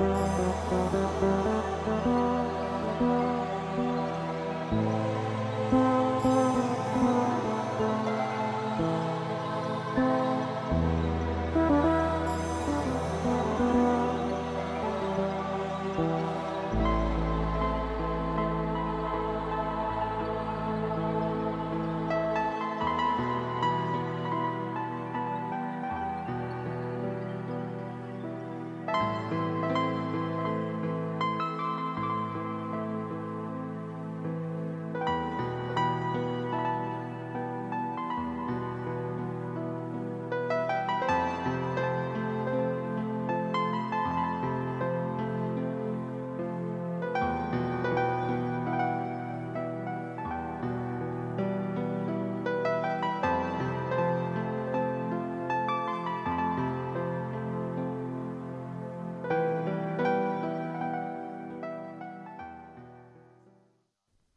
Música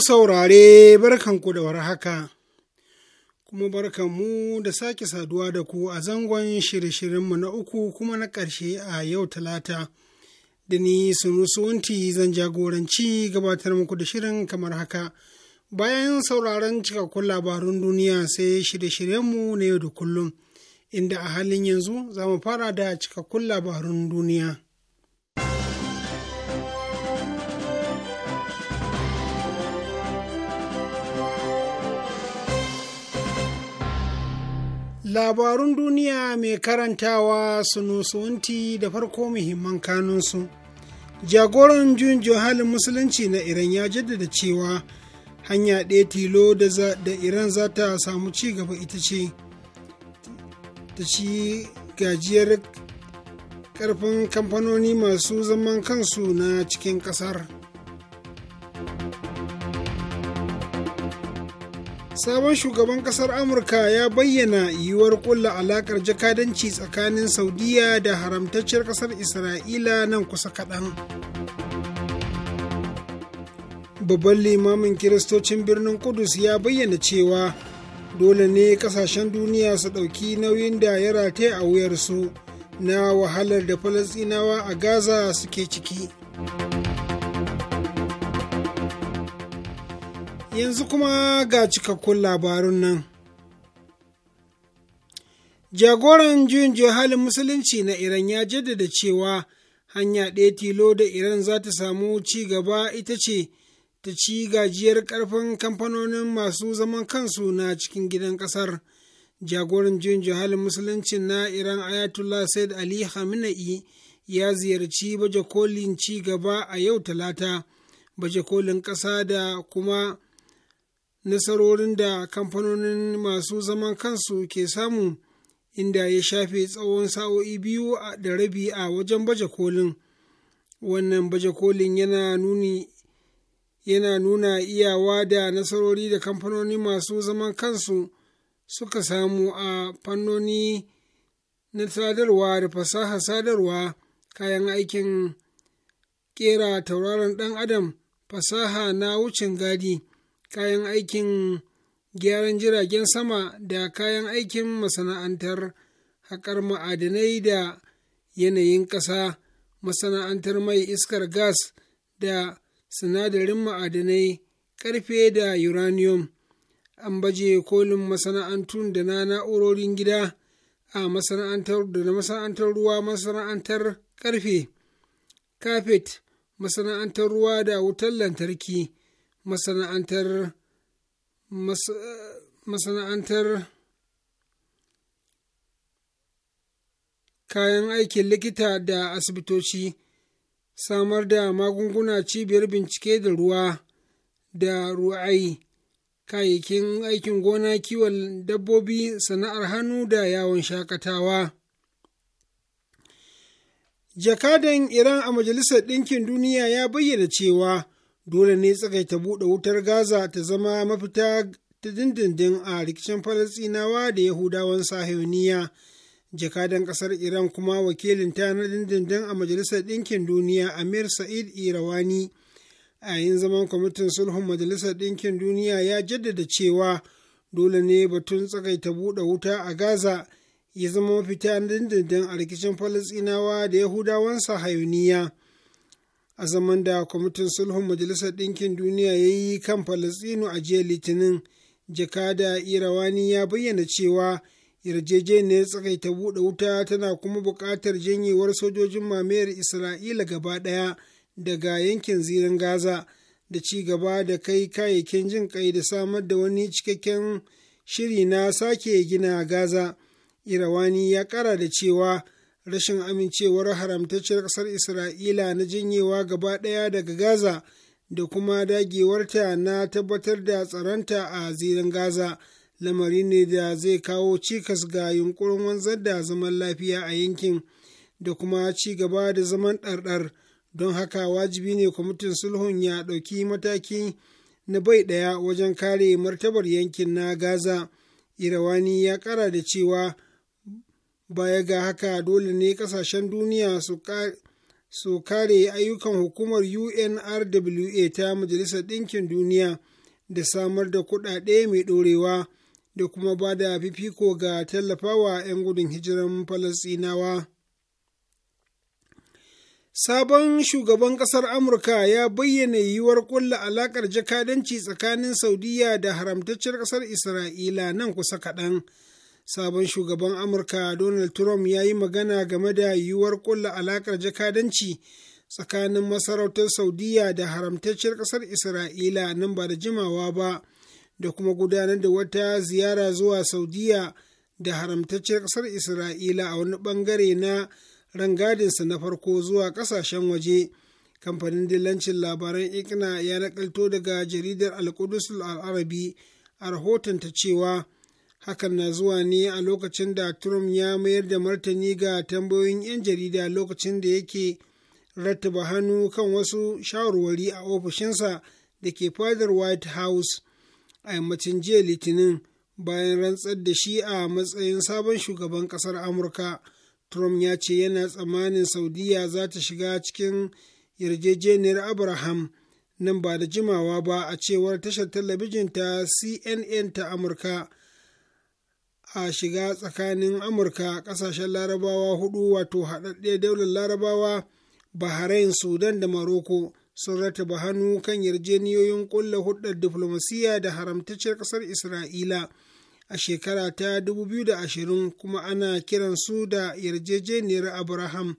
Ku saurare barkanku da warhaka, kuma barkanmu da sake saduwa da ku a zangon shirye-shiryenmu na uku kuma na ƙarshe a yau talata. Da ni wanti zan jagoranci gabatar muku da shirin kamar haka. Bayan sauraron cikakkun labarun duniya sai shirye-shiryenmu na yau da kullum, inda a halin yanzu za mu fara da cikakkun labarun duniya. Labarun duniya mai karantawa sunusunti da farko muhimman kanunsu. Jagoran jun halin musulunci na Iran ya jaddada cewa hanya ɗaya tilo da Iran za ta samu ci gaba ita ce ta ci gajiyar ƙarfin kamfanoni masu zaman kansu na cikin ƙasar. sabon shugaban kasar amurka ya bayyana yiwuwar kulla alakar jakadanci tsakanin saudiya da haramtacciyar kasar isra'ila nan kusa kaɗan babban limamin kiristocin birnin kudus ya bayyana cewa dole ne kasashen duniya su ɗauki nauyin da ya rataye a wuyarsu na wahalar da falasinawa a gaza suke ciki Yanzu kuma ga cikakkun labarun nan. Jagoran juyin halin Musulunci na Iran ya jaddada cewa hanya ɗaya tilo da Iran za ta samu ci gaba ita ce ta ci gajiyar ƙarfin kamfanonin masu zaman kansu na cikin gidan ƙasar. Jagoran juyin halin Musulunci na Iran Ayatollah Said Ali Khamenei ya ziyarci baje kolin ci gaba a yau talata, baje kolin ƙasa da kuma nasarorin da kamfanonin masu zaman kansu ke samu inda ya shafe tsawon sa'o'i biyu da rabi a wajen baje kolin wannan baje kolin yana nuni yana nuna iyawa da nasarori da kamfanoni masu zaman kansu suka samu a fannoni na sadarwa da fasaha sadarwa kayan aikin kera tauraron ɗan adam fasaha na wucin gadi kayan aikin gyaran jiragen sama da kayan aikin masana'antar haƙar ma'adanai da yanayin ƙasa masana'antar mai iskar gas da sinadarin ma'adanai ƙarfe da uranium an baje kolin masana'antun da na na'urorin gida a masana'antar da na masana'antar ruwa masana'antar ƙarfe kafet masana'antar ruwa da wutar lantarki masana'antar kayan aikin likita da asibitoci samar da magunguna cibiyar bincike da ruwa da ru'ai kayayyakin aikin gona kiwon dabbobi sana'ar hannu da yawon shakatawa jakadan iran a majalisar ɗinkin duniya ya bayyana cewa dole ne tsakaita buɗe wutar gaza ta zama mafita ta dindindin a rikicin falasinawa da yahudawan sahiyoniya jakadan ƙasar iran kuma wakilin ta na dindindin a majalisar ɗinkin duniya amir sa'id irawani a yin zaman kwamitin sulhun majalisar ɗinkin duniya ya jaddada cewa dole ne batun tsakaita buɗe wuta a gaza ya zama mafita na dindindin a rikicin falasinawa da yahudawan sahiyoniya a zaman da kwamitin sulhun majalisar ɗinkin duniya ya yi kan falastinu a jiya litinin jakada irawani ya bayyana cewa yarjejeniyar tsakaita buɗe wuta tana kuma buƙatar janyewar sojojin mamayar isra'ila gaba ɗaya daga yankin zirin gaza da ci gaba da kai kayayyakin jin kai da samar da wani cikakken shiri na sake gina gaza irawani ya kara da cewa rashin amincewar haramtacciyar ƙasar isra'ila na janyewa gaba ɗaya daga gaza da kuma dagewarta na tabbatar da tsaronta a zirin gaza lamari ne da zai kawo cikas ga yunkurin wanzar da zaman lafiya a yankin da kuma ci gaba da zaman ɗarɗar don haka wajibi ne kwamitin sulhun ya ɗauki mataki na bai ɗaya wajen kare martabar yankin na gaza irawani ya ƙara da cewa baya ga haka dole ne kasashen duniya su kare ayyukan hukumar unrwa ta majalisar ɗinkin duniya da samar da kuɗaɗe mai ɗorewa da kuma ba da fifiko ga tallafawa 'yan gudun hijiran falasinawa sabon shugaban ƙasar amurka ya bayyana yiwuwar ƙulla alaƙar jakadanci tsakanin saudiya da haramtacciyar ƙasar isra'ila nan kusa kaɗan sabon shugaban amurka donald trump ya yi magana game da yiwuwar kulla alakar jakadanci tsakanin masarautar saudiya da haramtacciyar ƙasar isra'ila nan ba da jimawa ba da kuma gudanar da wata ziyara zuwa saudiya da haramtacciyar ƙasar isra'ila a wani ɓangare na rangadinsa na farko zuwa ƙasashen waje kamfanin dillancin labaran ikna ya nakalto daga jaridar al-arabi a rahotonta cewa hakan na zuwa ne a lokacin da trump ya mayar da martani ga tambayoyin 'yan jarida lokacin da yake rattaba hannu kan wasu shawarwari a ofishinsa da ke fadar white house a yammacin jiya litinin bayan rantsar da shi a matsayin sabon shugaban kasar amurka trump ya ce yana tsammanin saudiya za ta shiga cikin yarjejeniyar abraham nan ba da jimawa ba a cewar tashar talabijin ta cnn ta amurka a shiga tsakanin amurka ƙasashen larabawa hudu wato haɗaɗɗe daular larabawa bahrain sudan da maroko sun rataba hannu kan yarjeniyoyin ƙulla hudar diflomasiyya da haramtacciyar ƙasar isra'ila a shekara ta 2020 kuma ana kiransu da yarjejeniyar abraham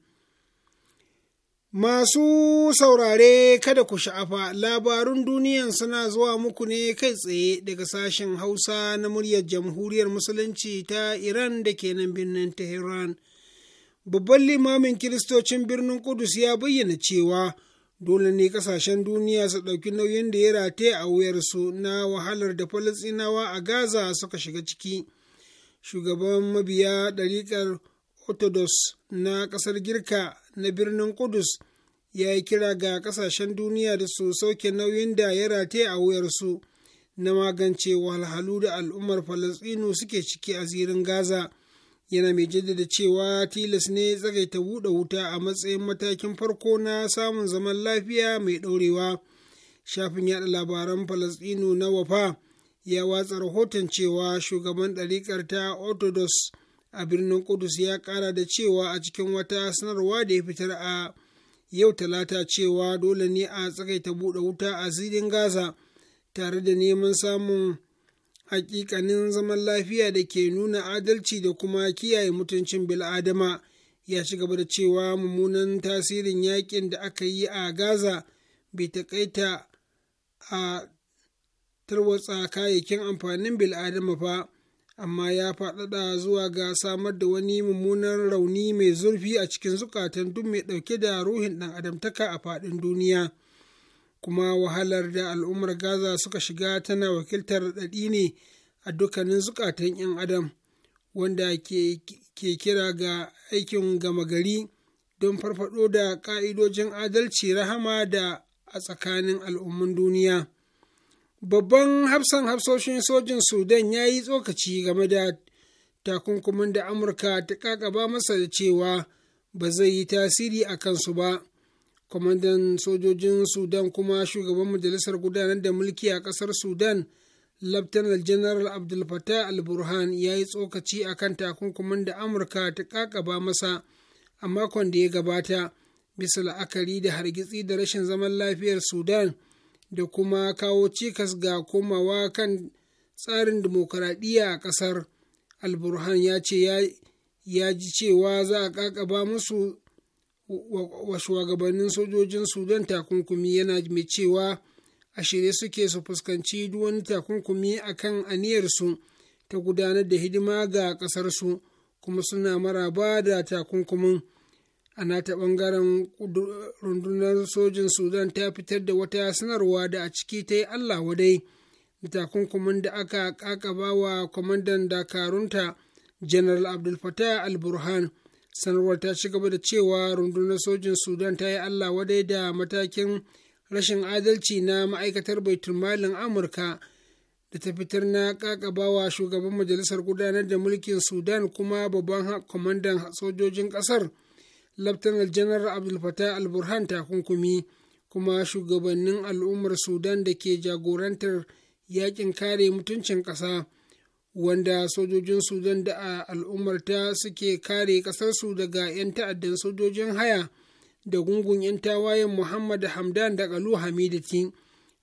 Masu saurare kada ku sha'afa labarun duniyan suna zuwa muku ne kai tsaye daga sashen Hausa na muryar Jamhuriyar Musulunci ta Iran da ke nan birnin Tehran. Babban limamin Kiristocin birnin Kudus ya bayyana cewa dole ne kasashen duniya su ɗauki nauyin da ya rataye a wuyarsu na wahalar da Falasɗinawa a Gaza suka shiga ciki. Shugaban mabiya ɗariƙar Orthodox na ƙasar Girka na birnin Kudus ya yi kira ga ƙasashen duniya da su sauke nauyin da ya rate a wuyarsu na magance wahalhalu da al'ummar Falasɗinu suke ciki a zirin Gaza. Yana mai jaddada cewa tilas ne tsagaita buɗe wuta a matsayin matakin farko na samun zaman lafiya mai ɗorewa. Shafin yaɗa labaran Falasɗinu na Wafa ya watsa rahoton cewa shugaban ɗariƙar ta Orthodox a birnin Kudus ya kara da cewa a cikin wata sanarwa da ya fitar a yau talata cewa dole ne a tsakaita buɗe wuta a zirin Gaza tare da neman samun hakikanin zaman lafiya da ke nuna adalci da kuma kiyaye mutuncin bil'adama ya ci gaba da cewa mummunan tasirin yakin da aka yi a Gaza bai taƙaita a tarwatsa kayayyakin amfanin bil'adama ba. amma ya faɗaɗa zuwa ga samar da wani mummunan rauni mai zurfi a cikin zukatan duk mai ɗauke da ruhin ɗan adamtaka a faɗin duniya kuma wahalar da al'ummar gaza suka shiga tana wakiltar ɗaɗi ne a dukkanin zukatan 'yan adam wanda ke, kira ga aikin gama gari don farfaɗo da ƙa'idojin adalci rahama da a tsakanin al'umman duniya. babban hafsan hafsoshin sojin sudan ya yi tsokaci game da takunkumin da amurka ta kakaba masa da cewa ba zai yi tasiri a kansu ba kwamandan sojojin sudan kuma shugaban majalisar gudanar da mulki a kasar sudan laftanar general abdul fatah al-burhan ya yi tsokaci a kan takunkumin da amurka ta kakaba masa a makon da ya gabata bisa la'akari da hargitsi da rashin zaman lafiyar sudan da kuma kawo cikas ga komawa kan tsarin dimokuraɗiyya a ƙasar alburhan ya ce ya ji cewa za a ƙaƙaba musu wa shugabannin sojojin sudan takunkumi yana mai cewa a shirye suke su fuskanci wani takunkumi a kan aniyarsu ta gudanar da hidima ga ƙasarsu kuma suna maraba da takunkumin. a nata ɓangaren rundunar sojin sudan ta fitar da wata sanarwa da a ciki ta yi allah wadai takunkumin da aka kakaba wa kwamandan dakarunta general abdul fatah al-burhan sanarwar ta ci gaba da cewa rundunar sojin sudan ta yi allah wadai da matakin rashin adalci na ma'aikatar baitulmalin amurka da ta fitar na wa shugaban majalisar gudanar da mulkin sudan kuma babban kwamandan sojojin kasar laftanar janar abdulfatah al-burhan takunkumi kuma shugabannin al'ummar sudan da ke jagorantar yakin kare mutuncin ƙasa wanda sojojin sudan da a al'ummarta suke kare ƙasarsu daga 'yan ta'addan sojojin haya da gungun 'yan tawayen muhammad hamdan da kalu hamidati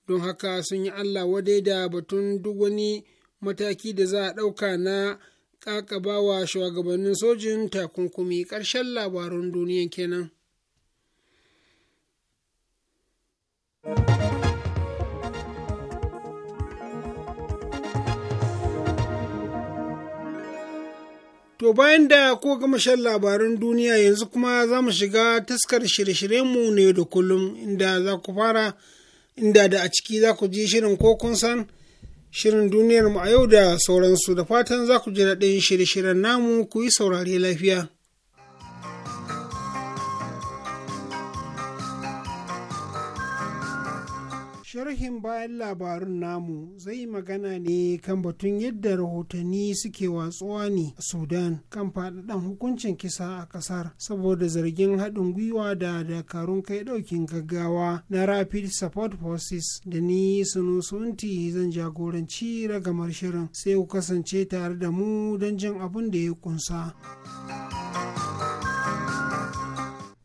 don haka sun yi allah wadai da batun duk wani mataki da za a ɗauka na wa shugabannin sojin takunkumi ƙarshen labarun duniya kenan. To bayan da ko gama shan labarun duniya yanzu kuma za mu shiga taskar shirye-shiryenmu ne da kullum inda za ku fara inda da a ciki za ku ji shirin ko kun san shirin duniyar mu a yau da sauransu da fatan za ku ji daɗin shirye-shiryen namu ku yi saurari lafiya. sharhin bayan labarun namu zai magana ne kan batun yadda rahotanni suke watsuwa ne a sudan kan faɗaɗan hukuncin kisa a ƙasar saboda zargin haɗin gwiwa da dakarun kai ɗaukin gaggawa na rapid support forces da ni sunusunti zan jagoranci ragamar shirin sai ku kasance tare da mu don jin abin da ya kunsa.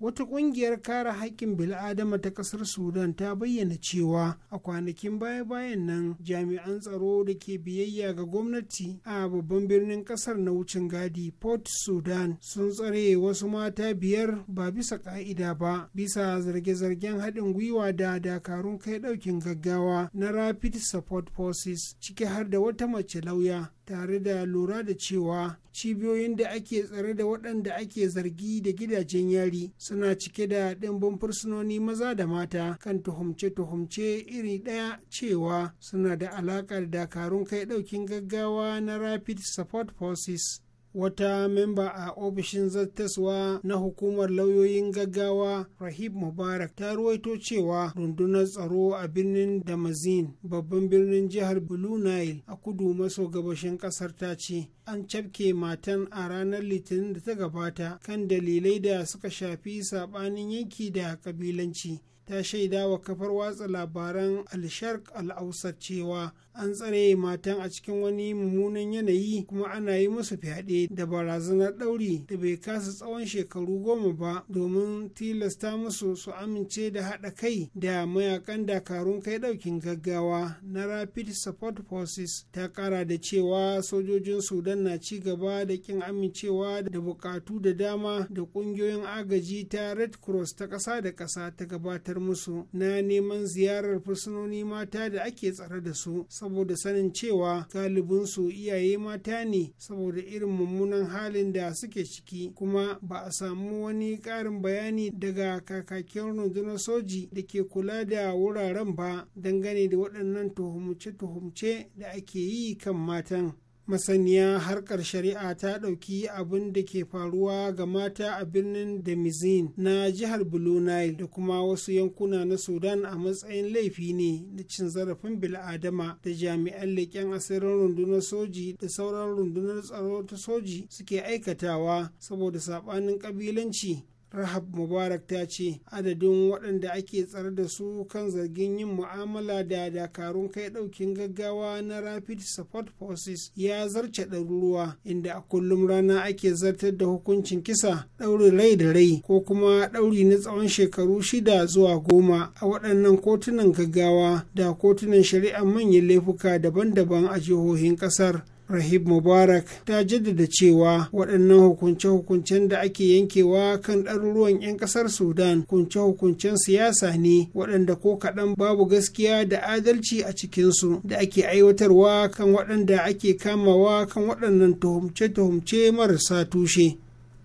wata kungiyar kare haƙƙin bil'adama ta ƙasar sudan ta bayyana cewa a kwanakin baya-bayan nan jami'an tsaro da ke biyayya ga gwamnati a babban birnin ƙasar na wucin gadi port sudan sun tsare wasu mata biyar ba bisa ƙa'ida ba bisa zarge-zargen haɗin gwiwa da dakarun kai ɗaukin gaggawa na rapid support forces ciki har da wata mace lauya tare da lura da cewa cibiyoyin da ake tsare da waɗanda ake zargi da gidajen yari suna cike da ɗimbin fursunoni maza da mata kan tuhumce-tuhumce iri ɗaya cewa suna da alaƙa da dakarun kai ɗaukin gaggawa na rapid support forces wata memba a ofishin zattaswa na hukumar lauyoyin gaggawa rahib mubarak ta ruwaito cewa rundunar tsaro a birnin damazin babban birnin jihar blue nile a kudu maso gabashin kasar ta ce an cafke matan a ranar litinin da ta gabata kan dalilai da suka shafi saɓanin yanki da kabilanci ta shaida wa kafar watsa labaran alshark al'ausar cewa an tsare matan a cikin wani mummunan yanayi kuma ana yi musu fyaɗe da barazanar ɗauri da bai kasa tsawon shekaru goma ba domin tilasta musu su amince da haɗa kai da mayakan dakarun kai ɗaukin gaggawa na rapid support forces ta ƙara da cewa sojojin sudan na ci gaba da ƙin amincewa da buƙatu da dama da ƙungiyoyin agaji ta red cross ta ƙasa da ƙasa ta gabatar gabatar musu na neman ziyarar fursunoni mata da ake tsare da su saboda sanin cewa galibinsu iyaye mata ne saboda irin mummunan halin da suke ciki kuma ba a samu wani ƙarin bayani daga kakakin rundunar soji da ke kula da wuraren ba dangane da waɗannan tuhumce-tuhumce da ake yi kan matan. masaniya harkar shari'a ta ɗauki abin da ke faruwa ga mata a birnin damizin na jihar blue nile da kuma wasu yankuna na sudan a matsayin laifi ne na cin zarafin bil'adama da jami'an leƙen asirin rundunar soji da sauran rundunar tsaro ta soji suke aikatawa saboda saɓanin ƙabilanci rahab mubarak ta ce adadin waɗanda ake tsare da su kan zargin yin mu'amala da dakarun kai ɗaukin gaggawa na rapid support forces ya zarce ɗaruruwa inda a kullum rana ake zartar da hukuncin kisa ɗaurin rai da rai ko kuma ɗauri na tsawon shekaru shida zuwa goma a waɗannan kotunan gaggawa da kotunan shari'a manyan laifuka daban-daban a jihohin ƙasar rahib mubarak ta jaddada cewa waɗannan hukunce-hukuncen da ake yankewa kan ɗaruruwan 'yan ƙasar sudan hukunce-hukuncen siyasa ne waɗanda ko kaɗan babu gaskiya da adalci a cikinsu da ake aiwatarwa kan waɗanda ake kamawa kan waɗannan tuhumce-tuhumce marasa tushe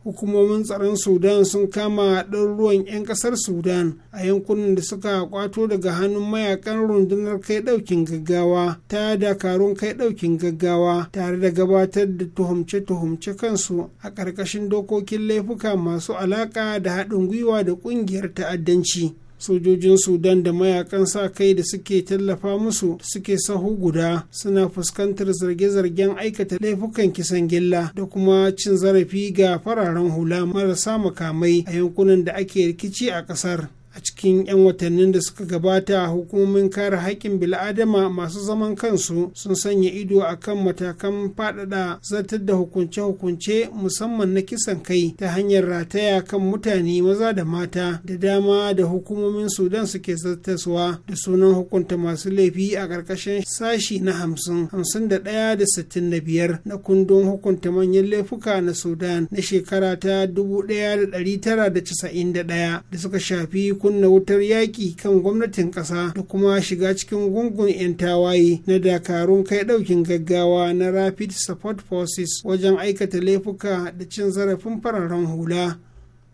hukumomin tsaron sudan sun kama ruwan 'yan ƙasar sudan a yankunan da suka kwato daga hannun mayakan rundunar kai ɗaukin gaggawa ta dakarun kai ɗaukin gaggawa tare da gabatar da tuhumce-tuhumce kansu a ƙarƙashin dokokin laifuka masu alaƙa da haɗin gwiwa da ƙungiyar ta'addanci sojojin sudan da mayakan sa kai da suke tallafa musu da suke sahu guda suna fuskantar zarge-zargen aikata laifukan kisan gilla da kuma cin zarafi ga fararen hula marasa makamai a yankunan da ake rikici a kasar a cikin 'yan watannin da suka gabata hukumomin kare haƙƙin bil'adama masu zaman kansu sun sanya ido a kan matakan faɗaɗa zartar da hukunce-hukunce musamman na kisan kai ta hanyar rataya kan mutane maza da mata da dama da hukumomin sudan suke zartaswa da sunan hukunta masu laifi a ƙarƙashin sashi na hamsin hamsin da ɗaya da sittin da biyar na kundin hukunta manyan laifuka na sudan na shekara ta dubu ɗaya da ɗari tara da casa'in da ɗaya da suka shafi kunna wutar yaƙi kan gwamnatin ƙasa da kuma shiga cikin gungun 'yan tawaye na dakarun kai ɗaukin gaggawa na rapid support forces wajen aikata laifuka da cin zarafin fararen hula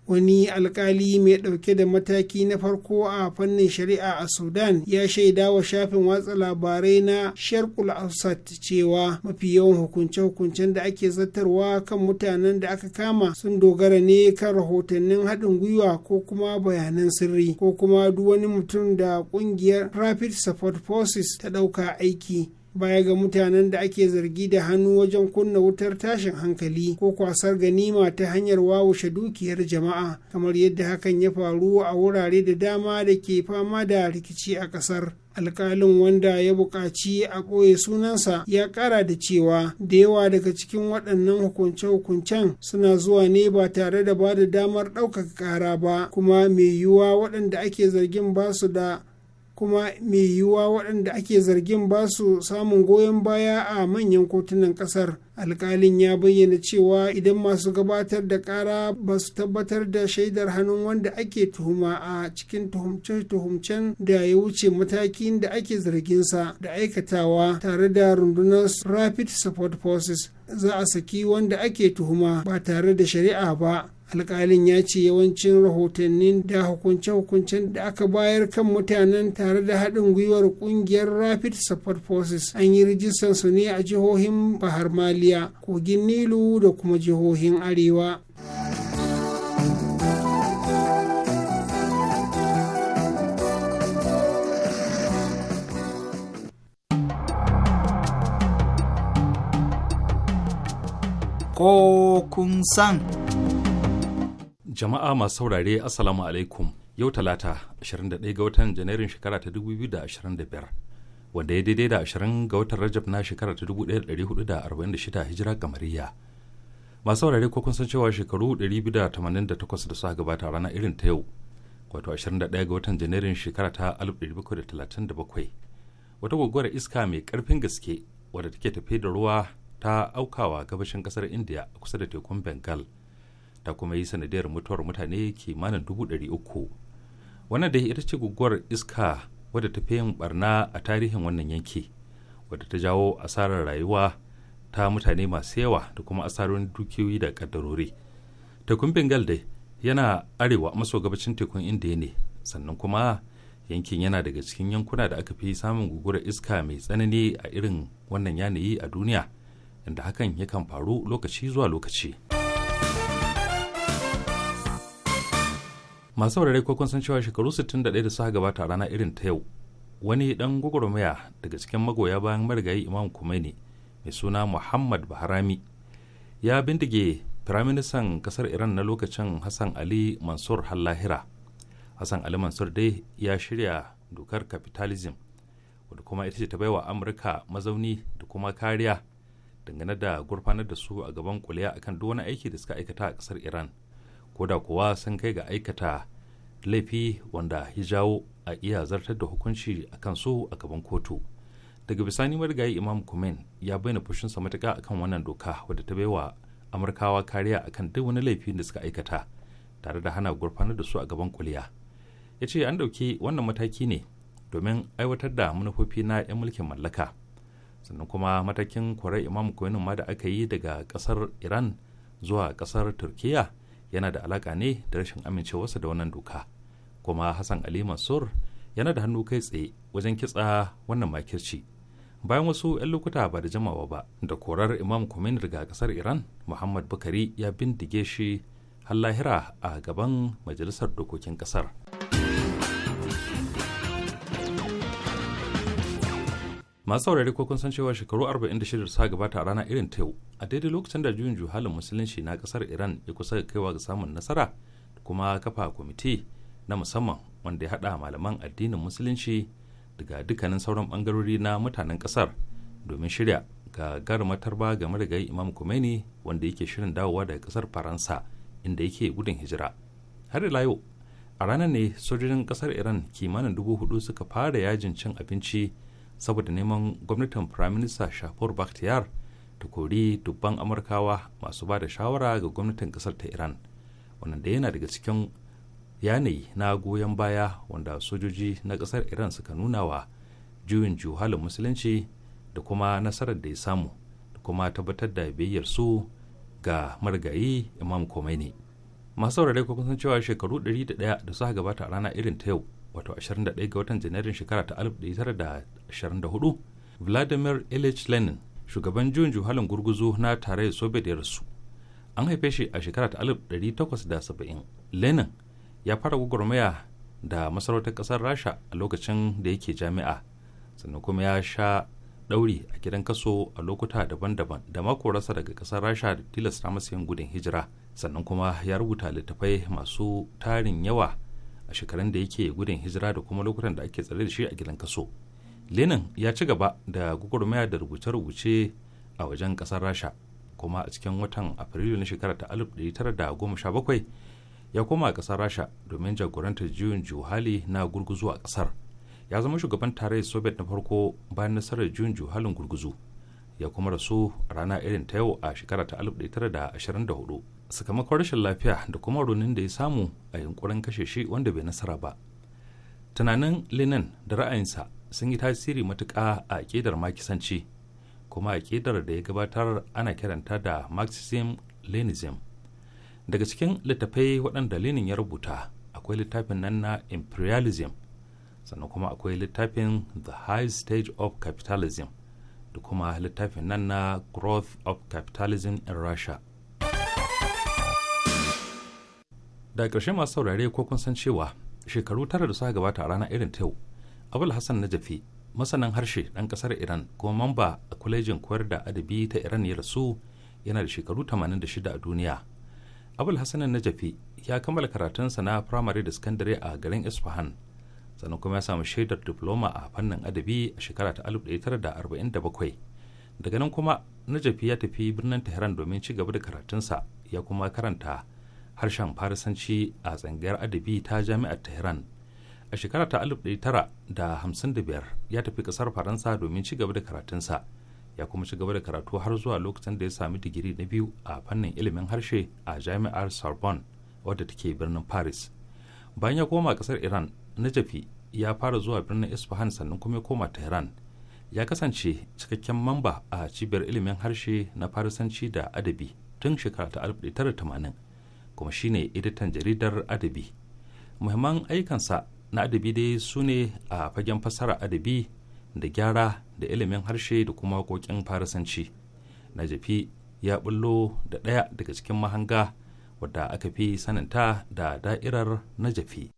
wani alkali mai ɗauke da mataki na farko a fannin shari'a a sudan ya shaida wa shafin watsa labarai na sharkul ausat cewa mafi yawan hukunce-hukuncen da ake zartarwa kan mutanen da aka kama sun dogara ne kan rahotannin haɗin gwiwa ko kuma bayanan sirri ko kuma duk wani mutum da ƙungiyar rapid support forces ta ɗauka aiki baya ga mutanen da ake zargi da hannu wajen kunna wutar tashin hankali ko kwasar ganima ta hanyar wawushe dukiyar jama'a kamar yadda hakan ya faru a wurare da dama da ke fama da rikici a ƙasar alkalin wanda ya buƙaci a ɓoye sunansa ya ƙara da cewa da yawa daga cikin waɗannan hukunce-hukuncen suna zuwa ne ba tare da ba da damar ɗaukaka ƙara ba kuma mai yiwuwa waɗanda ake zargin ba su da kuma mai yiwuwa waɗanda ake zargin ba su samun goyon baya a manyan kotunan ƙasar Alƙalin ya bayyana cewa idan masu gabatar da ƙara ba su tabbatar da shaidar hannun wanda ake tuhuma a cikin tuhumce-tuhumcen da ya wuce matakin da ake zarginsa da aikatawa tare da rundunar rapid support forces za a saki wanda ake tuhuma ba tare da shari'a ba alkalin ya ce yawancin rahotannin da hukunce-hukuncen da aka bayar kan mutanen tare da haɗin gwiwar ƙungiyar rapid support forces an yi rijistar su ne a jihohin bahar maliya kogin nilu da kuma jihohin arewa Ko kun san. Jama'a masu saurare Assalamu alaikum yau talata 21 ga watan Janairun shekara ta 2025 wanda ya daidai da 20 ga watan Rajab na shekara ta 1446 hijira gamariya Masu saurare ko kun san cewa shekaru 288 da suka gabata rana irin ta yau wato 21 ga watan Janairun shekara ta 1737 wata gwaggwar iska mai karfin gaske wadda take tafe da ruwa ta aukawa gabashin kasar India kusa da tekun Bengal. ta kuma yi sanadiyar mutuwar mutane kimanin dubu ɗari uku wannan da ita ce guguwar iska wadda ta fi yin barna a tarihin wannan yanki wadda ta jawo asarar rayuwa ta mutane masu yawa da kuma asarar dukiyoyi da kaddarori tekun bengal dai yana arewa maso gabacin tekun indiya ne sannan kuma yankin yana daga cikin yankuna da aka fi samun guguwar iska mai tsanani a irin wannan yanayi a duniya inda hakan yakan faru lokaci zuwa lokaci. masu saurare ko kun san cewa shekaru 61 da suka gabata a rana irin ta yau wani dan gwagwarmaya daga cikin magoya bayan marigayi imam kumaini mai suna muhammad baharami ya bindige firaministan kasar iran na lokacin hassan ali mansur hallahira hassan ali mansur dai ya shirya dokar capitalism wadda kuma ita ce ta baiwa amurka mazauni da kuma kariya dangane da gurfanar da su a gaban kuliya akan duk wani aiki da suka aikata a kasar iran ko da kuwa sun kai ga aikata laifi wanda ya jawo a iya zartar da hukunci a su a gaban kotu daga bisani marigayi imam kumen ya bayyana fushinsa matuka akan wannan doka wadda ta baiwa amurkawa kariya akan duk wani laifi da suka aikata tare da hana gurfanar da su a gaban kuliya ya ce an ɗauki wannan mataki ne domin aiwatar da manufofi na 'yan mulkin mallaka sannan kuma matakin kwarar imam kumen ma da aka yi daga ƙasar iran zuwa ƙasar turkiyya yana da alaka ne da rashin amincewarsa da wannan doka kuma hassan ali mansur yana da hannu kai tsaye wajen kitsa wannan makirci bayan wasu 'yan lokuta ba da jimawa ba da korar imam kumin daga kasar iran muhammad bukari ya bindige shi har lahira a gaban majalisar dokokin kasar. masu saurari ko kun san cewa shekaru 46 suka gabata a rana irin ta yau a daidai lokacin da juyin juhalin musulunci na kasar iran ya kusa kaiwa ga samun nasara kuma kafa kwamiti na musamman wanda ya hada malaman addinin musulunci daga dukkanin sauran bangarori na mutanen kasar domin shirya ga garmatar ba game da imam kumeni wanda yake shirin dawowa daga kasar faransa inda yake gudun hijira har ila yau a ranar ne sojojin kasar iran kimanin dubu hudu suka fara yajin cin abinci saboda neman gwamnatin firaminista shafur bakhtiyar ta kori dubban amurkawa masu ba da shawara ga gwamnatin kasar ta iran wanda yana daga cikin yanayi na goyon baya wanda sojoji na kasar iran suka nuna wa juyin juhalin musulunci da kuma nasarar da ya samu da kuma tabbatar da biyayyar su ga margayi imam komai ne masu saurare kun san cewa shekaru 101 da suka gabata a rana irin ta yau wato 21 ga watan janairun shekara ta 1924 vladimir ilyich lenin shugaban juyin juhalin gurguzu na tarayyar soviet ya rasu an haife shi a shekara ta 1870 lenin ya fara gwagwarmaya da masarautar kasar rasha a lokacin da yake jami'a sannan kuma ya sha ɗauri a gidan kaso a lokuta daban-daban da mako rasa daga kasar rasha da tilasta masa yin gudun hijira sannan kuma ya rubuta littattafai masu tarin yawa a shekarun da yake gudun hijira da kuma lokutan da ake tsare da shi a gidan kaso lenin ya ci gaba da gugurmaya da rubuce-rubuce a wajen ƙasar rasha kuma a cikin watan afrilu na shekarar ta 1917 ya koma ƙasar rasha domin jagorantar juyin juhali na gurguzu a ƙasar ya zama shugaban tarayyar soviet na farko bayan nasarar juyin juhalin gurguzu ya kuma rasu rana irin ta yau a shekara ta 1924 sakamakon rashin lafiya da kuma raunin da ya samu a yunkurin kashe shi wanda bai nasara ba tunanin linen da ra'ayinsa sun yi tasiri matuka a ƙidar makisanci kuma a ƙidar da ya gabatar ana kiranta da marxism leninism daga cikin littafai waɗanda lenin ya rubuta akwai littafin nan na imperialism sannan kuma akwai littafin the high stage of capitalism da kuma littafin nan na growth of capitalism in russia da ƙarshe masu saurare ko kun san cewa shekaru tara da suka gabata a ranar irin ta yau abul hassan jafi masanin harshe ɗan ƙasar iran kuma mamba a kwalejin koyar da adabi ta iran ya rasu yana da shekaru 86 a duniya abul hassan jafi ya kammala karatunsa na firamare da sakandare a garin isfahan sannan kuma ya samu shaidar diploma a fannin adabi a shekara ta 1947 daga nan kuma najafi ya tafi birnin tehran domin ci gaba da karatunsa ya kuma karanta harshen farisanci a tsangayar adabi ta jami'ar tehran a shekara ta 1955 ya tafi kasar faransa domin ci gaba da karatunsa ya kuma ci gaba da karatu har zuwa lokacin da ya sami digiri na biyu a fannin ilimin harshe a jami'ar sorbonne wadda take birnin paris bayan ya koma kasar iran jafi ya fara zuwa birnin isfahan sannan kuma ya koma tehran ya kasance cikakken mamba a cibiyar ilimin harshe na farisanci da adabi tun shekara ta 1980 kuma shine editan jaridar adabi muhimman aikansa na adabi dai su ne a fagen fasara adabi da gyara da ilimin harshe da kuma waƙoƙin farisanci jafi ya bullo da ɗaya daga cikin mahanga wadda aka fi saninta da da'irar na jafi.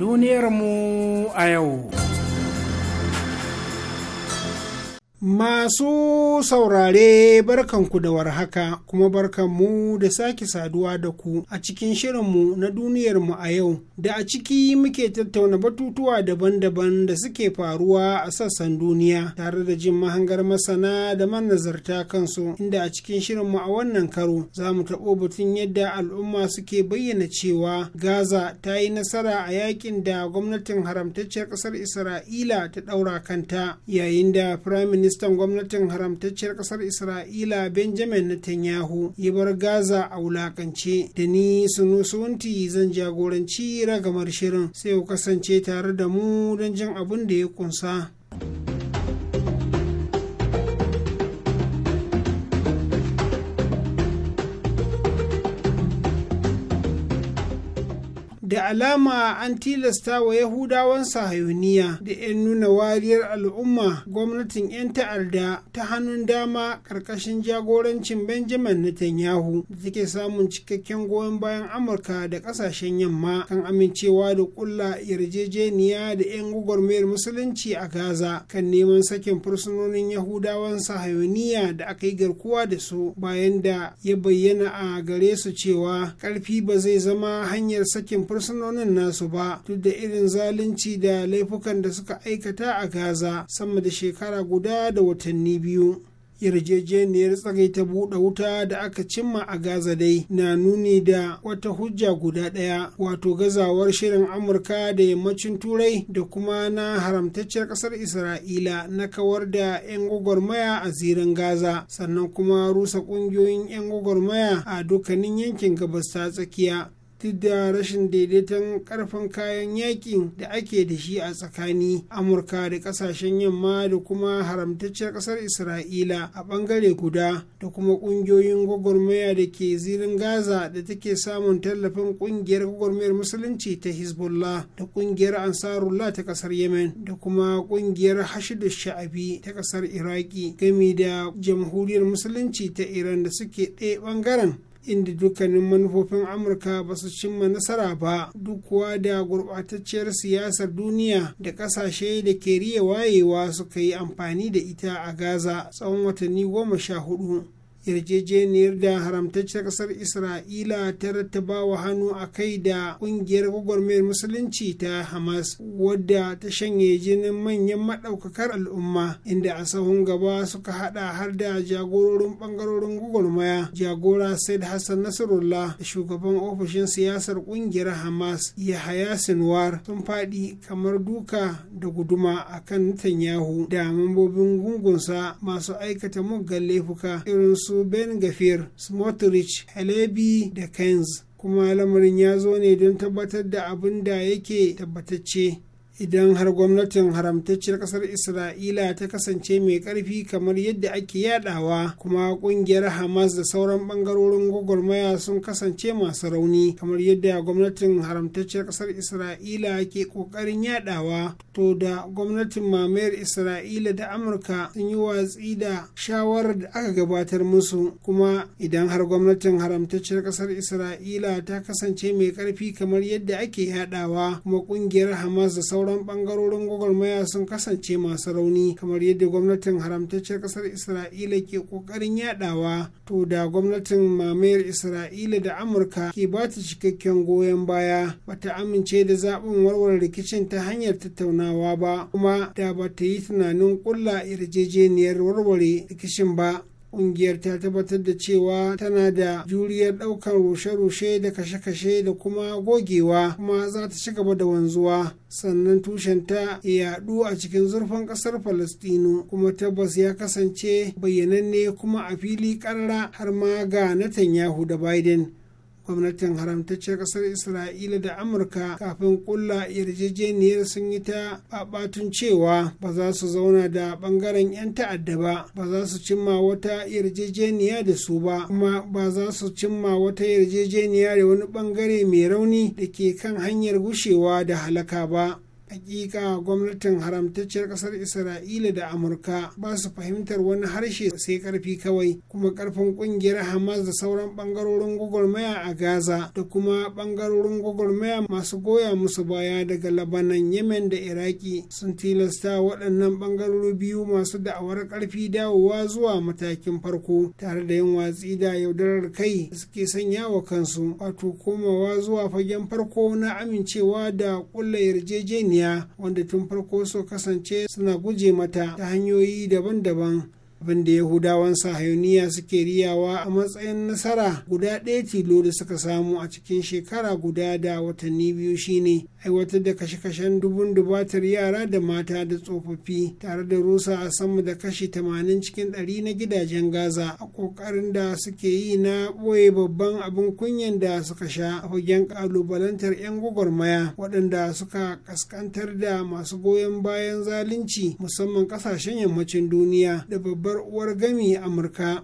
duniyarmu a yau. Masu saurare barkanku da warhaka kuma barkanmu da sake saduwa da ku a cikin shirinmu na duniyarmu a yau da a ciki muke tattauna batutuwa daban-daban da suke faruwa a sassan duniya tare da jin mahangar masana da manazarta kansu inda a cikin shirinmu a wannan karo za mu taɓo batun yadda al'umma suke bayyana cewa Gaza ta yi nasara a yakin da gwamnatin haramtacciyar ƙasar Isra'ila ta ɗaura kanta yayin da Firayim ministan gwamnatin haramtacciyar kasar Isra'ila Benjamin Netanyahu ya bar Gaza a wulakance da ni sunusunti zan jagoranci ragamar shirin sai ku kasance tare da mu don jin abin da ya kunsa. da alama an tilasta wa yahudawan sahayoniya da 'yan nuna wariyar al'umma gwamnatin 'yan ta'arda ta hannun dama ƙarƙashin jagorancin benjamin netanyahu da take samun cikakken goyon bayan amurka da ƙasashen yamma kan amincewa da kulla yarjejeniya da 'yan gwagwarmayar musulunci a gaza kan neman sakin fursunonin yahudawan sahayoniya da aka yi garkuwa da su bayan da ya bayyana a gare su cewa ƙarfi ba zai zama hanyar sakin fursunonin fursunonin nasu ba duk da irin zalunci da laifukan da suka aikata a gaza sama da shekara guda da watanni biyu yarjejeniyar ta buɗe wuta da aka cimma a gaza dai na nuni da wata hujja guda ɗaya wato gazawar shirin amurka da yammacin turai da kuma na haramtacciyar ƙasar isra'ila na kawar da 'yan gwagwarmaya a zirin gaza sannan kuma rusa ƙungiyoyin 'yan gwagwarmaya a dukkanin yankin gabas ta tsakiya duk da rashin daidaiton karfin kayan yakin da ake da shi a tsakani amurka da kasashen yamma da kuma haramtacciyar kasar isra'ila a bangare guda da kuma kungiyoyin gwagwarmaya da ke zirin gaza da take samun tallafin kungiyar gwagwarmayar musulunci ta hezbollah da kungiyar ansarullah ta kasar yemen da kuma kungiyar hashidu sha'abi ta kasar iraki gami da jamhuriyar musulunci ta iran da suke ɗaya bangaren inda dukkanin manufofin amurka ba su cimma nasara ba duk kuwa da gurɓatacciyar siyasar duniya da ƙasashe da ke riya wayewa suka yi amfani da ita a gaza tsawon watanni goma sha hudu yarjejeniyar da haramtacciyar ƙasar isra'ila ta rattaba wa hannu a kai da ƙungiyar gwagwarmayar musulunci ta hamas wadda ta shanye jinin manyan maɗaukakar al'umma inda a sahun gaba suka haɗa har da jagororin ɓangarorin gwagwarmaya jagora said hassan nasarullah da shugaban ofishin siyasar ƙungiyar hamas yahaya sinwar sun faɗi kamar duka da guduma akan netanyahu da mambobin gungunsa masu aikata muggan laifuka irin su su ben gafir smotrich halebi da kenz kuma lamarin ya zo ne don tabbatar da abin da yake tabbatacce idan har gwamnatin haramtacciyar kasar isra'ila ta kasance mai karfi kamar yadda ake yadawa kuma kungiyar hamas da sauran bangarorin gwagwarmaya sun kasance masu rauni kamar yadda gwamnatin haramtacciyar kasar isra'ila ke kokarin yadawa to da gwamnatin mamayar isra'ila da amurka sun yi watsi da shawarar da aka gabatar musu kuma idan har gwamnatin haramtacciyar kasar isra'ila ta kasance mai karfi kamar yadda ake yadawa kuma kungiyar hamas da sauran sauran bangarorin gwagwarmaya sun kasance masu rauni kamar yadda gwamnatin haramtacciyar kasar isra'ila ke kokarin yadawa to da gwamnatin mamayar isra'ila da amurka ke ba ta cikakken goyon baya bata amince da zaɓin warware rikicin ta hanyar tattaunawa ba kuma da ba ta yi tunanin kulla yarjejeniyar warware rikicin ba Ƙungiyar ta tabbatar da cewa tana da juriyar ɗaukar rushe-rushe da kashe-kashe da kuma gogewa kuma za ta ci gaba da wanzuwa sannan tushenta ya yaɗu a cikin zurfin ƙasar falastinu kuma tabbas ya kasance bayyananne kuma a fili ƙarara har ma ga netanyahu da biden gwamnatin haramtacce kasar isra'ila da amurka kafin kulla yarjejeniyar sun yi ta babatun cewa ba za su zauna da bangaren 'yan ta'adda ba ba za su cimma wata yarjejeniya da su ba kuma ba za su cimma wata yarjejeniya da wani bangare mai rauni da ke kan hanyar gushewa da halaka ba hakika gwamnatin haramtacciyar kasar isra'ila da amurka ba su fahimtar wani harshe sai karfi kawai kuma karfin kungiyar hamas da sauran bangarorin gwagwarmaya a gaza da kuma bangarorin gwagwarmaya masu goya musu baya daga labanan yemen da iraki sun tilasta waɗannan bangarori biyu masu da'awar karfi dawowa zuwa matakin farko tare da yin watsi da yaudarar kai da suke sanya wa kansu wato komawa zuwa fagen farko na amincewa da ƙulla yarjejeniya duniya wanda tun farko so kasance suna guje mata ta hanyoyi daban-daban abinda yahudawan sahayoniya suke riyawa a matsayin nasara guda ɗaya tilo da suka samu a cikin shekara guda da watanni biyu shine aiwatar da kashe-kashen dubun dubatar yara da mata da tsofaffi tare da rusa a sama da kashi tamanin cikin ɗari na gidajen gaza a ƙoƙarin da suke yi na ɓoye babban abin kunyan da suka sha a fagen ƙalubalantar 'yan gwagwarmaya waɗanda suka ƙasƙantar da masu goyon bayan zalunci musamman ƙasashen yammacin duniya da babban babbar uwar gami amurka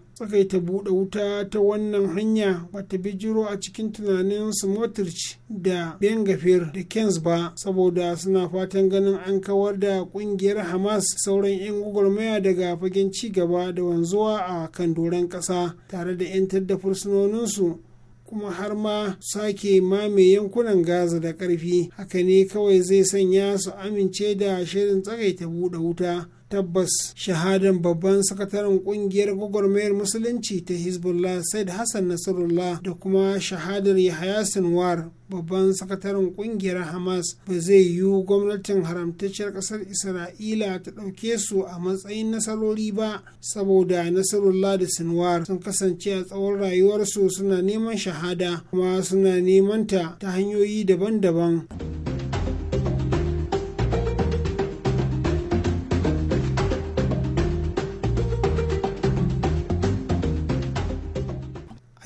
ta bude wuta ta wannan hanya bata bijiro a cikin tunanin smotrich da bengafir da kens ba saboda suna fatan ganin an kawar da kungiyar hamas sauran 'yan gwagwarmaya daga fagen ci gaba da wanzuwa a kan doron ƙasa tare da 'yantar da fursunoninsu kuma har ma sake mame yankunan gaza da karfi haka ne kawai zai sanya su amince da shirin tsagaita buɗe wuta tabbas shahadan babban sakataren kungiyar gwagwarmayar musulunci ta hezbollah said hassan nasarullah da kuma shahadar yahaya sinwar babban sakataren kungiyar hamas ba zai yiwu gwamnatin haramtacciyar kasar isra'ila ta ɗauke su a matsayin nasarori ba saboda nasarullah da sinwar sun kasance a tsawon rayuwarsu suna neman shahada kuma suna neman ta ta hanyoyi daban-daban.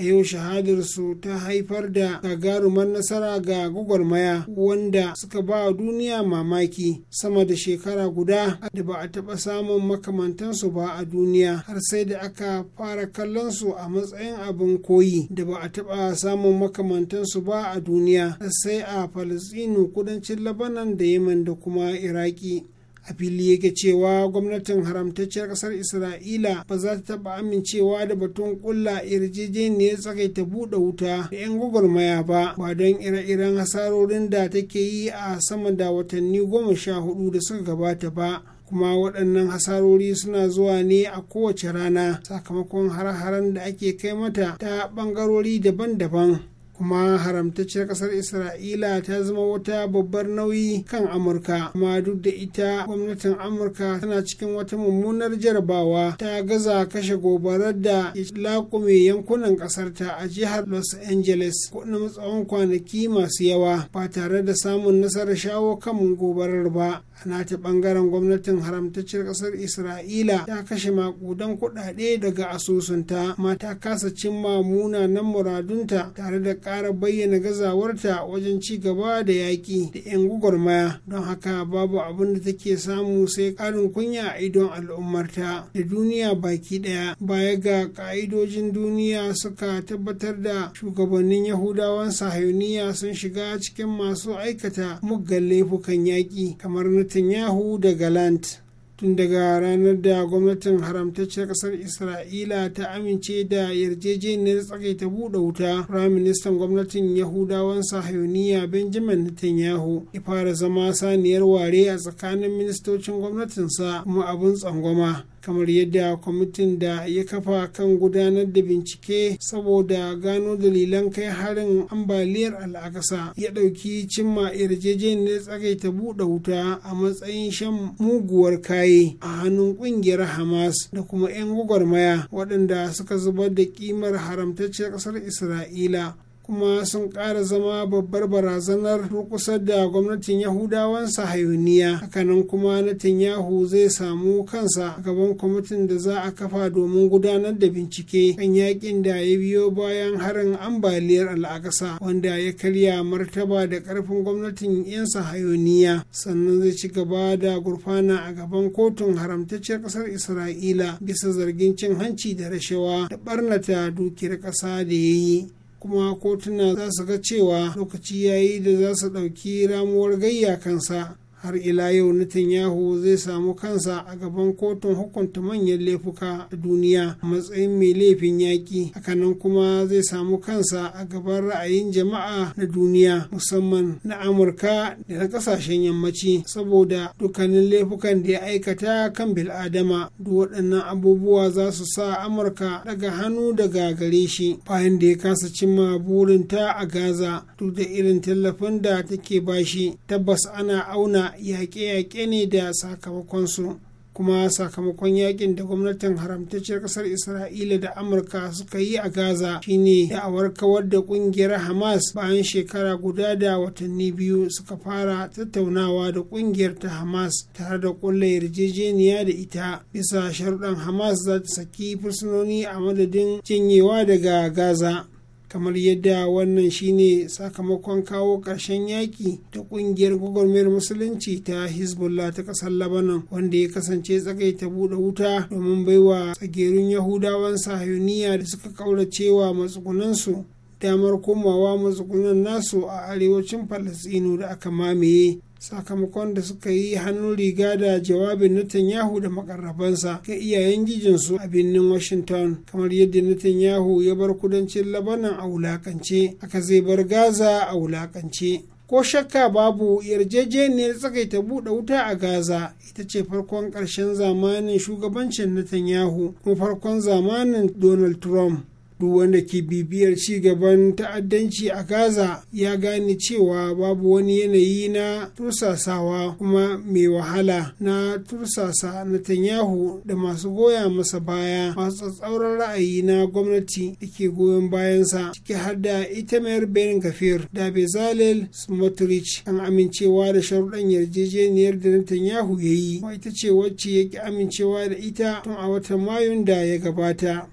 a yau shahadarsu ta haifar da gagarumar nasara ga gwagwarmaya wanda suka ba wa duniya mamaki sama da shekara guda da ba a taɓa samun makamantansu ba a duniya har sai da aka fara kallon su a matsayin abin koyi da ba a taɓa samun makamantansu ba a duniya sai a falasɗinu kudancin labanan da yemen da kuma iraki a fili yake cewa gwamnatin haramtacciyar kasar isra'ila ba za ta taɓa amincewa da batun ƙulla yarjejeniyar ta buɗe wuta da 'yan gwagwarmaya ba ba don ire-iren hasarorin da take yi a sama da watanni goma sha hudu da suka gabata ba kuma waɗannan hasarori suna zuwa ne a kowace rana sakamakon har-haren da ake kai mata ta ɓangarori daban-daban kuma haramtacciyar kasar isra'ila ta zama wata babbar nauyi kan amurka kuma duk da ita gwamnatin amurka tana cikin wata mummunar jarabawa ta gaza kashe gobarar da laƙume yankunan ƙasarta a jihar los angeles kudin tsawon kwanaki masu yawa ba tare da samun nasarar shawo kan gobarar ba a nata bangaren gwamnatin haramtacciyar kasar isra'ila ta kashe makudan kuɗaɗe daga asusunta mata kasa cimma Muna munanan muradunta tare da ƙara bayyana gazawarta wajen ci gaba da yaƙi da 'yan gwagwarmaya don haka babu abin da take samu sai ƙarin kunya a idon al'ummarta da duniya baki ɗaya baya ga ƙa'idojin duniya suka tabbatar da shugabannin yahudawan sahauniya sun shiga cikin masu aikata muggan laifukan yaƙi kamar Netanyahu da Galant. tun daga ranar da gwamnatin haramtacciyar kasar isra'ila ta amince da yarjejeniyar ta buɗe wuta firaministan gwamnatin yahudawan sahayuniya benjamin netanyahu ya fara zama saniyar ware a tsakanin ministocin gwamnatinsa kuma abin tsangwama kamar yadda kwamitin da ya kafa kan gudanar da bincike saboda gano dalilan kai harin ambaliyar al'akasa ya ɗauki cimma yarjejeniyar tsagaita buɗe wuta a matsayin shan muguwar kayi a hannun ƙungiyar hamas da kuma 'yan gwagwarmaya waɗanda suka zubar da ƙimar haramtacciyar ƙasar isra'ila kuma sun ƙara zama babbar barazanar rukusar da gwamnatin yahudawan sahayuniya hakanan kuma yahu zai samu kansa a gaban kwamitin da za a kafa domin gudanar da bincike kan yakin da ya biyo bayan harin ambaliyar al'akasa wanda ya karya martaba da karfin gwamnatin 'yan sahayuniya sannan zai ci gaba da gurfana a gaban kotun haramtacciyar ƙasar isra'ila bisa zargin cin hanci da rashawa da ɓarnata dukiyar ƙasa da ya yi kuma kotuna za su ga cewa lokaci yayi da za su ɗauki ramuwar gayya kansa har ila yau Netanyahu zai samu kansa a gaban kotun hukunta manyan laifuka a duniya a matsayin mai laifin yaƙi hakanan kuma zai samu kansa a gaban ra'ayin jama'a na duniya musamman na amurka da na ƙasashen yammaci saboda dukkanin laifukan da ya aikata kan bil'adama duk waɗannan abubuwa za su sa amurka daga hannu daga gare shi bayan da ya kasa cimma burinta a gaza duk da irin tallafin da take bashi tabbas ana auna yaƙe-yaƙe ne da sakamakonsu kuma sakamakon yakin da gwamnatin haramtacciyar ƙasar isra'ila da amurka suka yi a gaza shine da'awar kawar da ƙungiyar hamas bayan shekara guda da watanni biyu suka fara tattaunawa da ƙungiyar ta hamas tare da ƙulla yarjejeniya da ita bisa sharuɗan hamas za ta saki fursunoni a madadin cinyewa daga gaza kamar yadda wannan shine sakamakon kawo ƙarshen yaƙi ta ƙungiyar gwagwarmayar musulunci ta hezbollah ta ƙasar labanan wanda ya kasance tsakai ta buɗe wuta domin baiwa tsagerun yahudawan sahiyuniya da suka ƙauracewa matsugunansu damar komawa matsugunan nasu a arewacin falasɗinu da aka mamaye sakamakon da suka yi hannun riga da jawabin Netanyahu da makarrabansa ga iyayen gijinsu a birnin Washington kamar yadda Netanyahu ya bar kudancin Labanan a wulakance aka zai bar Gaza a wulakance. Ko shakka babu yarjejeniyar tsakaita buɗe wuta a Gaza ita ce farkon ƙarshen zamanin shugabancin Netanyahu kuma farkon zamanin Donald Trump. duk wanda ke bibiyar ci gaban ta'addanci a gaza ya gane cewa babu wani yanayi na tursasawa kuma mai wahala na tursasa netanyahu da masu goya masa baya masu tsatsauran ra'ayi na gwamnati da ke goyon bayansa ciki har da itamer ben gafir da bezalel smotrich kan amincewa da sharuɗan yarjejeniyar da netanyahu ya yi ita ce wacce ya ki amincewa da ita tun a watan mayun da ya gabata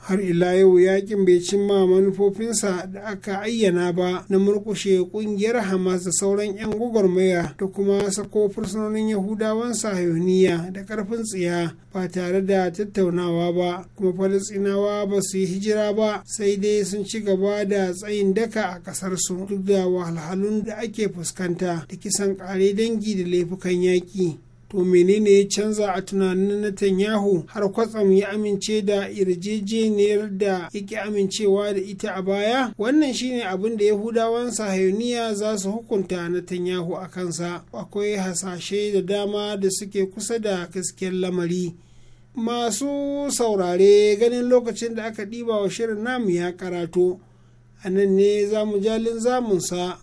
har ila yau yakin bai cimma manufofinsa da aka ayyana ba na murkushe kungiyar hamas da sauran 'yan gwagwarmaya da kuma sako fursunonin yahudawan sahayoniya da karfin tsiya ba tare da tattaunawa ba kuma falisinawa ba su yi hijira ba sai dai sun ci gaba da tsayin daka a kasar su duk da wahalhalun da ake fuskanta da kisan kare dangi da laifukan yaƙi to menene ya canza a tunanin Netanyahu har kwatsam ya amince da yarjejeniyar da yake amincewa da ita a baya wannan shine abin da yahudawan sahayuniya za su hukunta Netanyahu a kansa akwai hasashe da dama da suke kusa da gaskiyar lamari masu saurare ganin lokacin da aka ɗiba wa shirin namu ya karato a ne zamu jalin zamunsa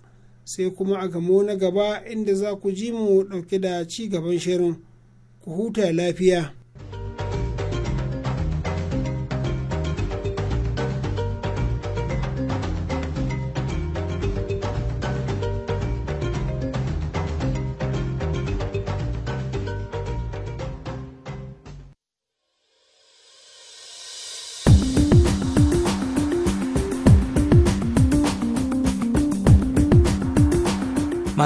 sai kuma a gamo na gaba inda za ku ji mu ɗauke da ci gaban shirin ku huta lafiya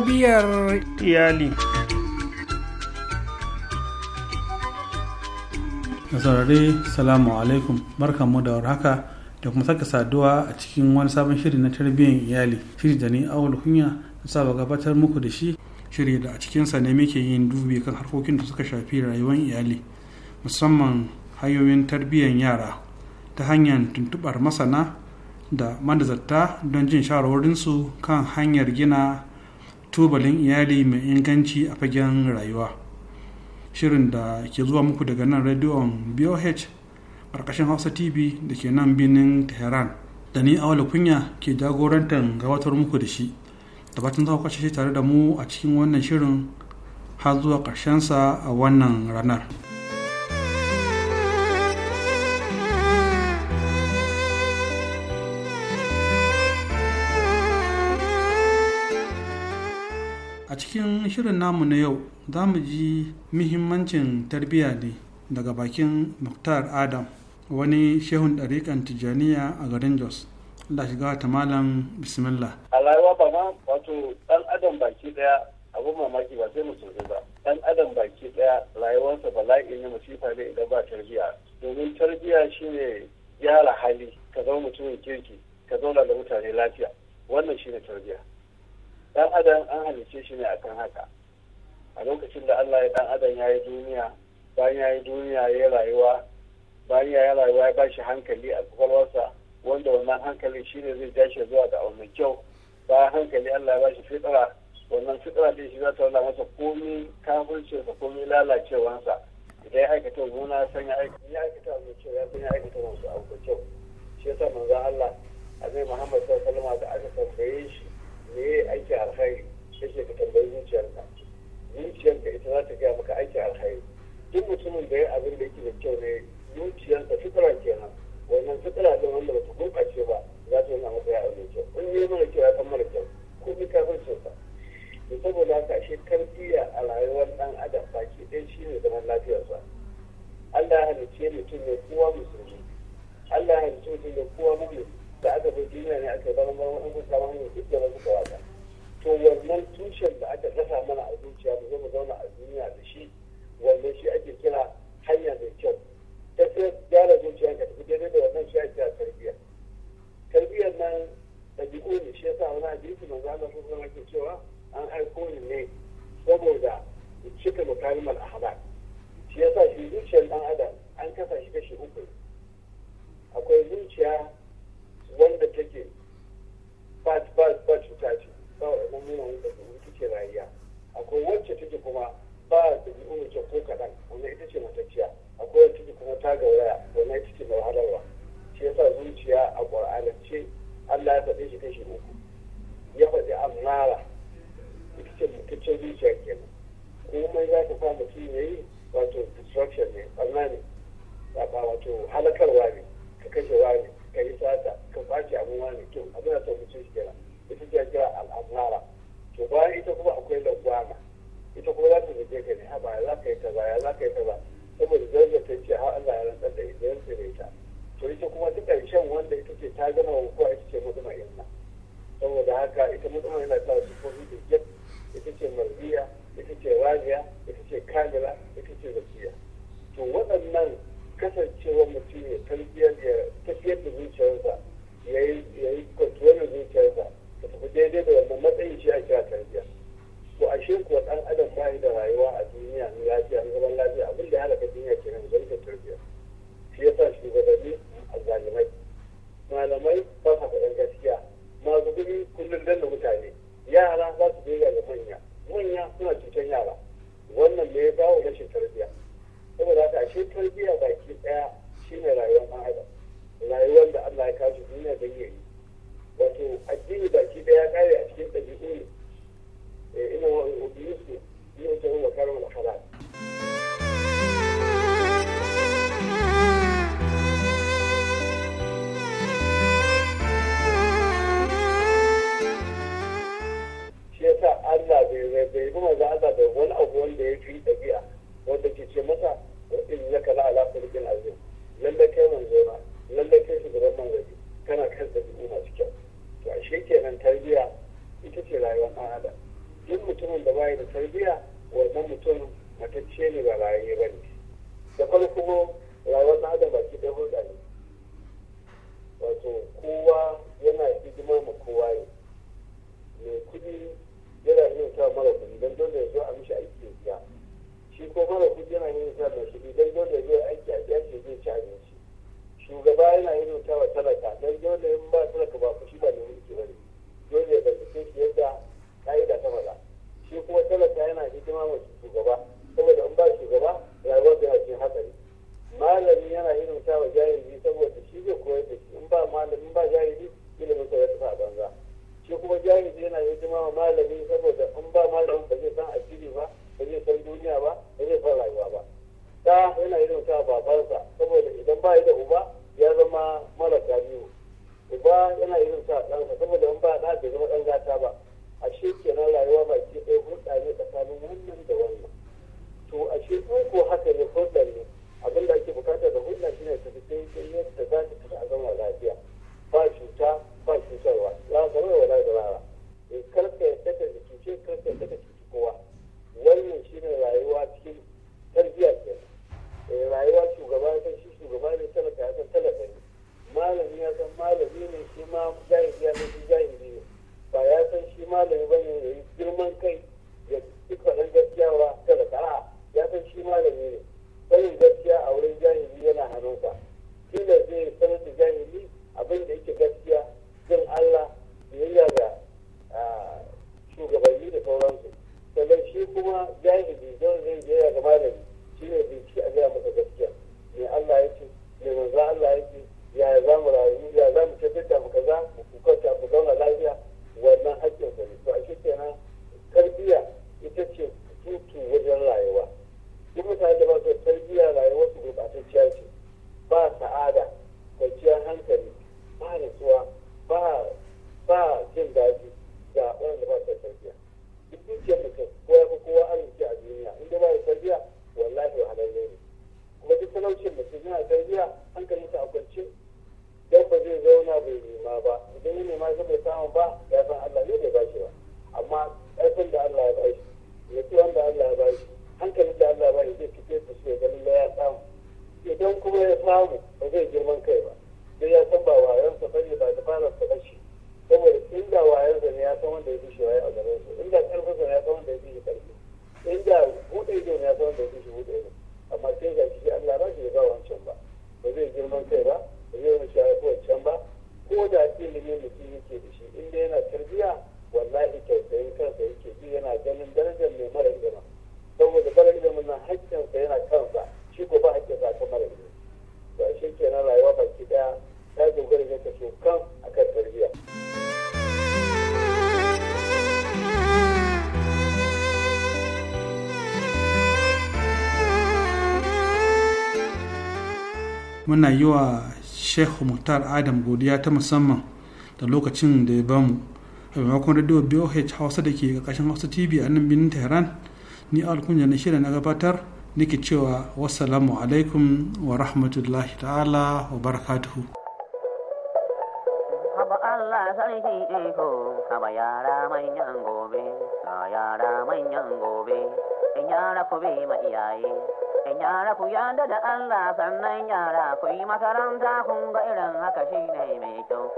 tarbiyyar iyali saurari salamu alaikum barkanmu da haka da kuma saka saduwa a cikin wani sabon shiri na tarbiyyar iyali shiri da ni awul kunya na saba gabatar muku da shi shiri da a cikinsa ne muke yin dubi kan harkokin da suka shafi rayuwar iyali musamman hanyoyin tarbiyyar yara ta hanyar tuntubar masana da manazarta don jin shawarwarinsu kan hanyar gina tubalin iyali mai inganci a fagen rayuwa shirin da ke zuwa muku daga nan rediyon boh ƙarƙashin hausa tv da ke nan binin tehran da ni awala kunya ke jagorantar gabatar muku da shi da batun za ku kashe tare da mu a cikin wannan shirin har zuwa ƙarshensa a wannan ranar. cikin shirin namu na yau za mu ji muhimmancin tarbiyya ne daga bakin muktar adam wani shehun ɗariƙan tijjaniya a garin jos Allah shiga ta malam bismillah a ba ma wato ɗan adam baki ɗaya abin mamaki ba sai mu musulmi ba ɗan adam baki ɗaya rayuwarsa bala'i ne musifa ne idan ba tarbiyya domin tarbiyya shine gyara hali ka zama mutumin kirki ka zauna da mutane lafiya wannan shine tarbiyya dan adam an halice shi ne akan haka a lokacin da Allah ya dan adam ya yi duniya bayan ya yi duniya ya yi rayuwa bayan ya yi rayuwa ya bashi hankali a kwakwalwarsa wanda wannan hankali shi ne zai tashi zuwa ga abu mai kyau bayan hankali Allah ya bashi fitara wannan fitara da shi za ta wala masa komi kafircinsa komi lalacewansa idan ya aikata gona san ya aikata aikata mai kyau ya san ya aikata wasu abu kyau shi sa manzon Allah a zai Muhammad sallallahu alaihi wasallam da aka tambaye shi me ya aiki alkhairi yake ka tambayi zuciyarka zuciyarka ita za ta gaya maka aiki alkhairi duk mutumin da ya abin da yake da kyau ne zuciyarsa fitira kenan wannan fitira ɗin wanda ba ta gurɓace ba za ta nuna masa ya abin kyau in yi mana kyau ya san mara kyau ko ni kafin cinsa to saboda haka ashe tarbiyya a rayuwar ɗan adam baki ɗaya shine zaman lafiyarsa Allah ya halicce mutum ne kowa musulmi Allah ya halicce mutum ne kowa mu'min da aka duniya ne aka bar mar wani gusa wani duk da kawata to wannan tushen da aka dasa mana a zuciya mu zauna a duniya da shi wannan shi ake kira hanya mai kyau ta sai gyara zuciya ka tafi daidai da wannan shi ake tarbiyyar nan ne shi yasa wani hadisi sun zama ke cewa an aiko ni ne saboda cika mukalimar ahlak shi yasa shi zuciyar dan adam an kasa shi kashi uku akwai zuciya wanda take ke masa in ya kala ala sarkin azim lallai kai manzo na lallai kai shi shugaban manzanni kana kan da ɗabi'u masu kyau to ashe kenan tarbiyya ita ce rayuwar ɗan adam duk mutumin da bayi da tarbiyya wannan mutum matacce ne ba rayuwa ba ne da farko rayuwar ɗan adam baki ɗaya hulɗa ne wato kowa yana hidima ma kowa ne mai kuɗi yana yin sa mara kuɗi don dole ya zo a mishi aiki ya shi ko mara kudi yana yin sa da shi dan dole zai aiki a jaji zai ci abinci shugaba yana yin wuta wa talaka dan dole in ba talaka ba ku shi ba ne mulki bane dole ya zance shi yadda ka'ida ta faɗa shi kuma talaka yana hidima wa shugaba saboda in ba shugaba rayuwar da cikin hatsari malami yana yin wuta wa jariri saboda shi zai koyar da shi in ba malami ba jahili ilimin sa ya tafi a banza shi kuma jariri yana hidima wa malami saboda in ba malami ba zai san addini ba ba san duniya ba ba zai san rayuwa ba ta yana irin ta babansa saboda idan ba da uba ya zama mara biyu uba yana irin ta ɗansa saboda in ba da zama ɗan gata ba ashe kenan rayuwa ba ke ɗaya hulɗa ne tsakanin wannan da wannan to a ashe ko haka ne hulɗa ne abin da ake bukata da hulɗa shi ne tafi sai ta yadda za ta tafi a zama lafiya ba cuta ba cutarwa la zama wa la zarara eh, ya yadda ka cuce karka yadda ka kowa wannan shi ne rayuwa cikin tarbiyya ke eh, rayuwa shugaba ya san shi shugaba ne talaka ya san talaka ne malami ya san malami ne shi ma jahili ya san shi jahili ne ba ya san shi malami ba ne ya yi girman kai ya fi faɗin gaskiya wa talaka a ya san shi malami ne sanin gaskiya a wurin jahili yana hannunsa shi da zai sanar da jahili abin da yake gaskiya jin Allah muna yi wa sheikh muktar adam godiya ta musamman da lokacin da ya bamu a maimakon radio boh hausa da ke ƙarƙashin hausa tv a nan birnin tehran ni alkunya na shirya na gabatar nake cewa wassalamu alaikum wa rahmatullahi ta'ala wa barakatuhu yara manyan gobe, yara in yara ku ma iyaye, Yara ku yarda da Allah sannan yara ku yi makaranta kun ga irin haka shi ne mai kyau.